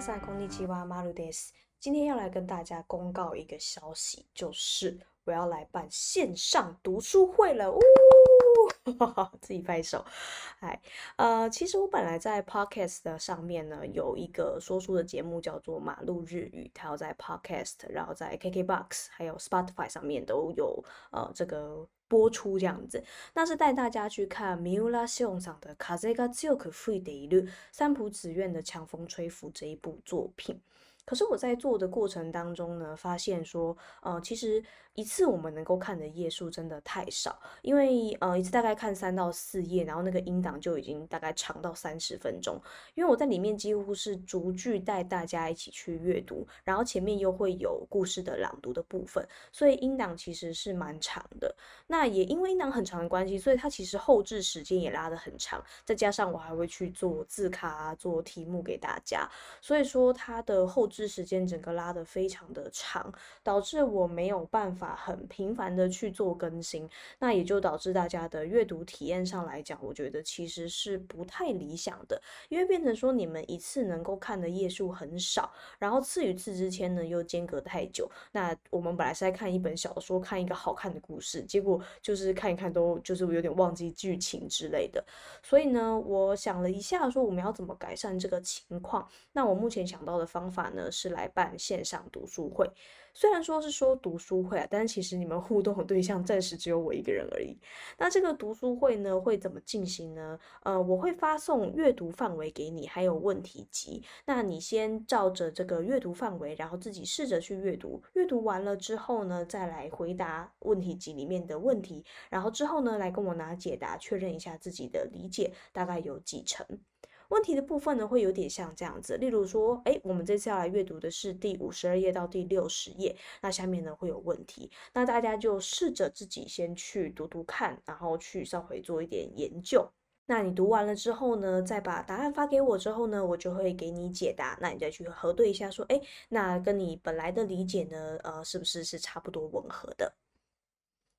好，今天要來跟大家公告一個消息，就是我要來辦線上讀書會了。哦 自己拍手，哎，呃，其實我本來在 podcast 的上面呢，有一個說書的節目叫做《馬路日語》，它要在 podcast、然後在 KKBOX、還有 Spotify 上面都有呃這個播出這樣子。那是帶大家去看米有拉先生的《卡塞加只有去 free 的一路》，三浦紫苑的《強風吹拂》這一部作品。可是我在做的過程當中呢，發現說，呃，其實一次我們能夠看的頁數真的太少，因為呃，一次大概看三到四頁，然後那個音檔就已經大概長到三十分鐘。因為我在裡面幾乎是逐句帶大家一起去閱讀，然後前面又會有故事的朗讀的部分，所以音檔其實是蠻長的。那也因為音檔很長的關係，所以它其實後製時間也拉得很長，再加上我還會去做字卡、啊、做題目給大家，所以說它的後製。是時間整個拉的非常的長，導致我沒有辦法很頻繁的去做更新，那也就導致大家的閱讀體驗上來講，我覺得其實是不太理想的，因為變成說你們一次能夠看的頁數很少，然後次與次之間呢又間隔太久，那我們本來是在看一本小說，看一個好看的故事，結果就是看一看都就是有點忘記劇情之類的，所以呢，我想了一下說我們要怎麼改善這個情況，那我目前想到的方法呢，是來辦線上讀書會，雖然說是說讀書會啊，但是其實你們互動的對象暫時只有我一個人而已。那這個讀書會呢，會怎麼進行呢？呃，我會發送閱讀範圍給你，還有問題集。那你先照着這個閱讀範圍，然後自己試着去閱讀。閱讀完了之後呢，再來回答問題集裡面的問題。然後之後呢，來跟我拿解答，確認一下自己的理解大概有幾成。問題的部分呢，會有點像這樣子，例如說，哎，我們這次要來閱讀的是第五十二頁到第六十頁，那下面呢會有問題，那大家就試着自己先去讀讀看，然後去稍微做一點研究。那你讀完了之後呢，再把答案發給我之後呢，我就會給你解答。那你再去核對一下說，哎，那跟你本來的理解呢，呃，是不是是差不多吻合的？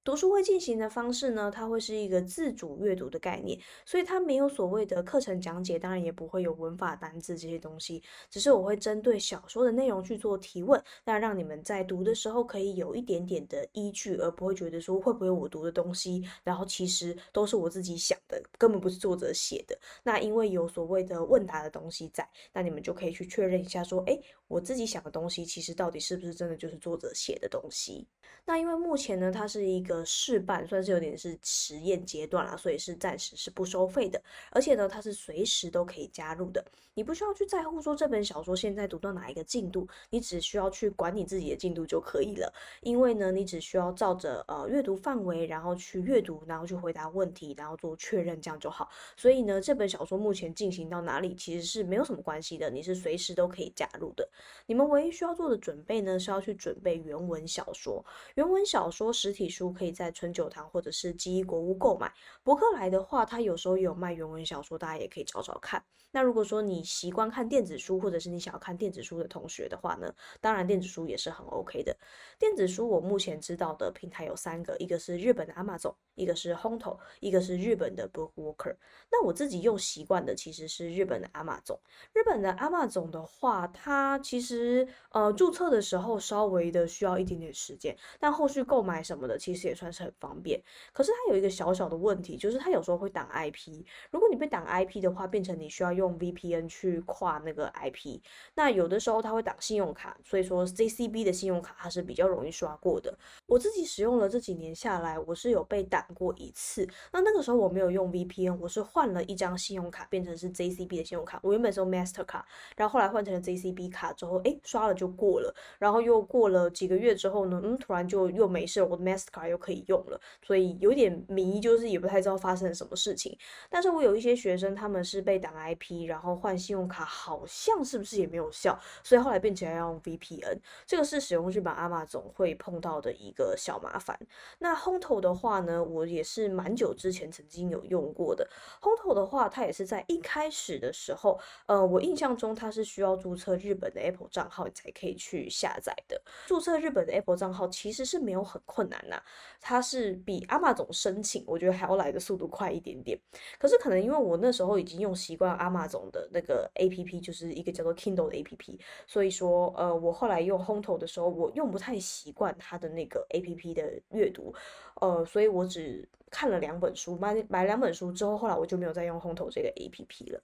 讀書會進行的方式呢，它會是一個自主閱讀的概念，所以它沒有所謂的課程講解，當然也不會有文法、單字這些東西。只是我會針對小說的內容去做提問，那讓你們在讀的時候可以有一點點的依據，而不會覺得說，會不會我讀的東西，然後其實都是我自己想的，根本不是作者寫的。那因為有所謂的問答的東西在，那你們就可以去確認一下說，說哎，我自己想的東西，其實到底是不是真的就是作者寫的東西？那因為目前呢，它是一個。試辦算是有點是實驗階段啦，所以是暫時是不收費的。而且呢，它是隨時都可以加入的，你不需要去在乎說這本小說現在讀到哪一個進度，你只需要去管你自己的進度就可以了。因為呢，你只需要照着呃閱讀範圍，然後去閱讀，然後去回答問題，然後做確認，這樣就好。所以呢，這本小說目前進行到哪裡其實是沒有什麼關係的，你是隨時都可以加入的。你們唯一需要做的準備呢，是要去準備原文小說，原文小說實體書，可以在淳久堂或者是紀伊國屋購買。博客來的話，它有時候也有賣原文小說，大家也可以找找看。那如果說你習慣看電子書，或者是你想要看電子書的同學的話呢，當然電子書也是很 OK 的。電子書我目前知道的平台有三個，一個是日本的 Amazon，一個是 Honto，一個是日本的 BookWalker。那我自己用習慣的其實是日本的 Amazon。日本的 Amazon 的話，它其實呃註冊的時候稍微的需要一點點時間，但後續購買什麼的其實。也算是很方便，可是它有一個小小的問題，就是它有時候會擋 IP。如果你被擋 IP 的話，變成你需要用 VPN 去跨那個 IP。那有的時候它會擋信用卡，所以說 JCB 的信用卡它是比較容易刷過的。我自己使用了這幾年下來，我是有被擋過一次。那那個時候我沒有用 VPN，我是換了一張信用卡，變成是 JCB 的信用卡。我原本是用 Master 卡，然後後來換成了 JCB 卡之後，哎，刷了就過了。然後又過了幾個月之後呢，嗯，突然就又沒事了，我的 Master 卡又。可以用了，所以有點迷，就是也不太知道發生了什麼事情。但是我有一些學生，他們是被擋 IP，然後換信用卡，好像是不是也沒有效，所以後來變成要用 VPN。這個是使用日本 Amazon 會碰到的一個小麻煩。那 Honto 的話呢，我也是蠻久之前曾經有用過的。Honto 的話，它也是在一開始的時候，呃，我印象中它是需要註冊日本的 Apple 賬號才可以去下載的。註冊日本的 Apple 賬號其實是沒有很困難吶、啊。它是比 Amazon 申請，我覺得還要來的速度快一點點。可是可能因為我那時候已經用習慣 Amazon 的那個 APP，就是一個叫做 Kindle 的 APP，所以說呃，我後來用 Honto 的時候，我用不太習慣它的那個 APP 的閱讀，呃，所以我只看了兩本書，買買兩本書之後，後來我就沒有再用 Honto 這個 APP 了。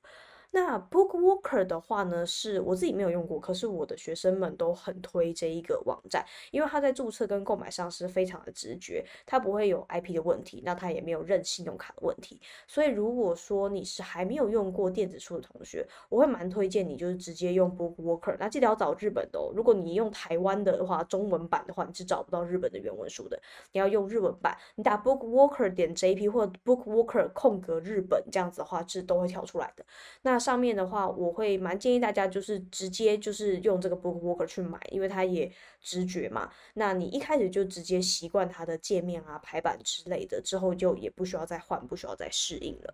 那 BookWalker 的話呢，是我自己沒有用過，可是我的學生們都很推這一個網站，因為它在注冊跟購買上是非常的直覺，它不會有 IP 的問題，那它也沒有認信用卡的問題。所以如果說你是還沒有用過電子書的同學，我會蠻推薦你就是直接用 BookWalker。那記得要找日本的哦，如果你用台灣的話，中文版的話，你是找不到日本的原文書的。你要用日文版，你打 BookWalker 點 JP 或 BookWalker 空格日本這樣子的話，是都會跳出來的。那。上面的話，我會蠻建議大家就是直接就是用這個 BookWalker 去買，因為它也直覺嘛。那你一開始就直接習慣它的界面啊、排版之類的，之後就也不需要再換，不需要再適應了。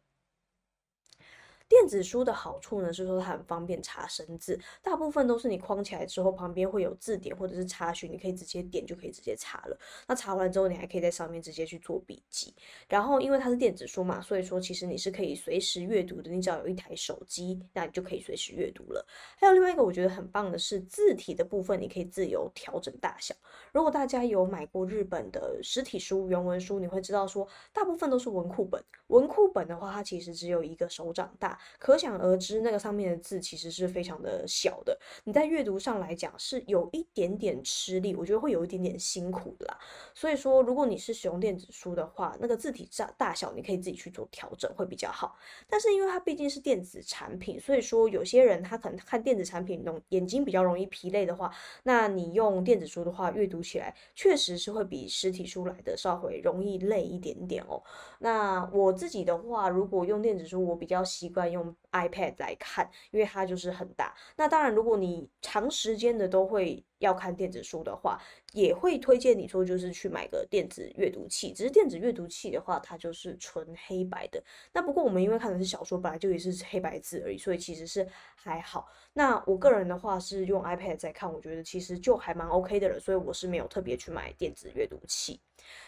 電子書的好處呢，是說它很方便查生字，大部分都是你框起來之後，旁邊會有字典或者是查詢，你可以直接點就可以直接查了。那查完之後，你還可以在上面直接去做筆記。然後因為它是電子書嘛，所以說其實你是可以隨時閱讀的。你只要有一台手機，那你就可以隨時閱讀了。還有另外一個我覺得很棒的是字體的部分，你可以自由調整大小。如果大家有買過日本的實體書、原文書，你會知道說，大部分都是文庫本。文庫本的話，它其實只有一個手掌大。可想而知，那個上面的字其實是非常的小的。你在閱讀上來講是有一點點吃力，我覺得會有一點點辛苦的啦。所以說，如果你是使用電子書的話，那個字體大大小你可以自己去做調整會比較好。但是因為它畢竟是電子產品，所以說有些人他可能看電子產品眼睛比較容易疲累的話，那你用電子書的話，閱讀起來確實是會比實體書來的稍微容易累一點點哦。那我自己的話，如果用電子書，我比較習慣。用 iPad 來看，因為它就是很大。那當然，如果你長時間的都會要看電子書的話，也會推薦你說就是去買個電子閱讀器。只是電子閱讀器的話，它就是純黑白的。那不過我們因為看的是小說，本來就也是黑白字而已，所以其實是還好。那我個人的話是用 iPad 在看，我覺得其實就還蠻 OK 的了，所以我是沒有特別去買電子閱讀器。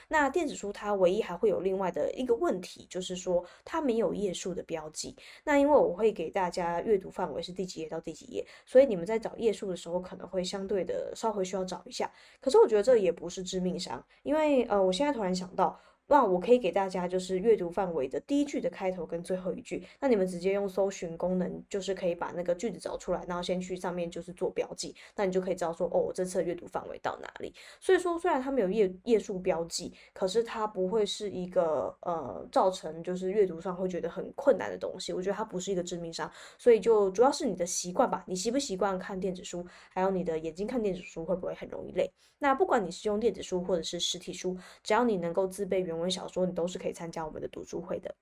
那電子書它唯一還會有另外的一個問題，就是說它沒有頁數的標記。那因為我會給大家閱讀範圍是第幾頁到第幾頁，所以你們在找頁數的時候可能會相對的稍微需要找一下。可是我覺得這也不是致命傷，因為呃，我現在突然想到。那我可以給大家就是閱讀範圍的第一句的開頭跟最後一句，那你們直接用搜尋功能，就是可以把那個句子找出來，然後先去上面就是做標記，那你就可以知道說哦，我這次的閱讀範圍到哪裡。所以說雖然它沒有頁頁數標記，可是它不會是一個呃造成就是閱讀上會覺得很困難的東西，我覺得它不是一個致命傷。所以就主要是你的習慣吧，你習不習慣看電子書，還有你的眼睛看電子書會不會很容易累。那不管你是用電子書或者是實體書，只要你能夠自備原文因為小說你都是可以參加我們的讀書會的。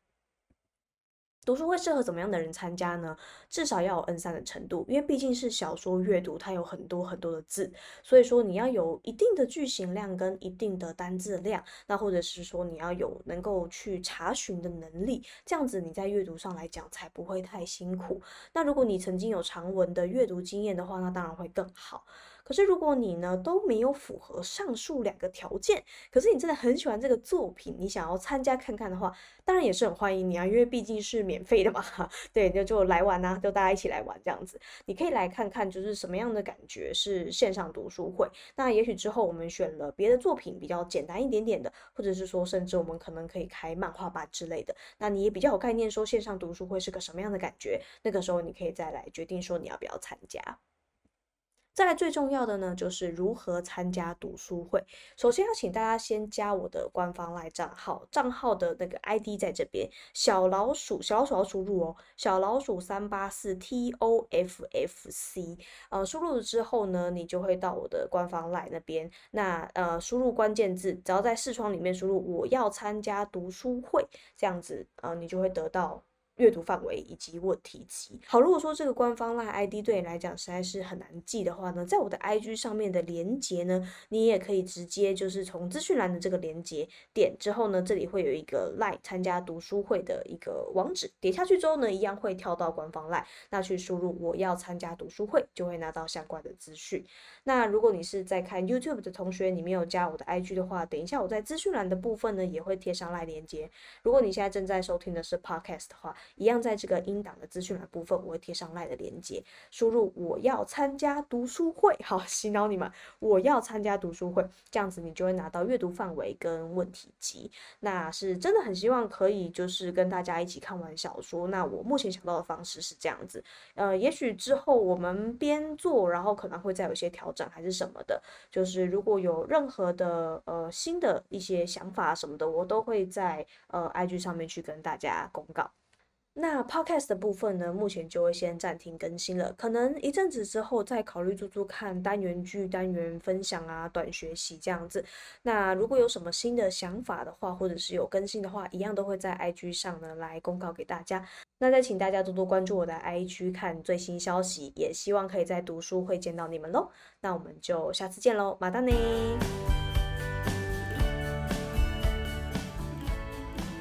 讀書會適合怎麼樣的人參加呢？至少要有 N3 的程度，因為畢竟是小說閱讀，它有很多很多的字，所以說你要有一定的句型量跟一定的單字量，那或者是說你要有能夠去查詢的能力，這樣子你在閱讀上來講才不會太辛苦。那如果你曾經有長文的閱讀經驗的話，那當然會更好。可是如果你呢都沒有符合上述兩個條件，可是你真的很喜歡這個作品，你想要參加看看的話，當然也是很歡迎你啊，因為畢竟是免費的嘛。對，就就來玩吶，啊，就大家一起來玩這樣子，你可以來看看就是什麼樣的感覺是線上讀書會。那也許之後我們選了別的作品比較簡單一點點的，或者是說甚至我們可能可以開漫畫吧之類的，那你也比較有概念說線上讀書會是個什麼樣的感覺。那個時候你可以再來決定說你要不要參加。再來最重要的呢，就是如何參加讀書會。首先要請大家先加我的官方賴賬號，賬號的那個 ID 在這邊，小老鼠，小老鼠要輸入哦，小老鼠三八四 TOFFC。呃，輸入了之後呢，你就會到我的官方賴那邊。那呃，輸入關鍵字，只要在視窗裡面輸入“我要參加讀書會”這樣子，呃，你就會得到，閱讀範圍以及問題集。好，如果說這個官方 line ID 對你來講實在是很難記的話呢，在我的 IG 上面的連接呢，你也可以直接就是從資訊欄的這個連接點之後呢，這裡會有一個 line 參加讀書會的一個網址，點下去之後呢，一樣會跳到官方 line，那去輸入我要參加讀書會，就會拿到相關的資訊。那如果你是在看 YouTube 的同學，你沒有加我的 IG 的話，等一下我在資訊欄的部分呢也會貼上 line 連接。如果你現在正在收聽的是 Podcast 的話，一樣，在這個音檔的資訊欄部分，我會貼上 LINE 的連結。輸入“我要參加讀書會”，好洗腦你們。我要參加讀書會，這樣子你就會拿到閱讀範圍跟問題集。那是真的很希望可以，就是跟大家一起看完小說。那我目前想到的方式是這樣子。呃，也許之後我們邊做，然後可能會再有一些調整還是什麼的。就是如果有任何的呃新的一些想法什麼的，我都會在呃 IG 上面去跟大家公告。那 podcast 的部分呢，目前就會先暫停更新了，可能一陣子之後再考慮做做看單元劇、單元分享啊、短學習這樣子。那如果有什麼新的想法的話，或者是有更新的話，一樣都會在 IG 上呢來公告給大家。那再請大家多多關注我的 IG 看最新消息，也希望可以在讀書會見到你們嘍。那我們就下次見嘍，またね。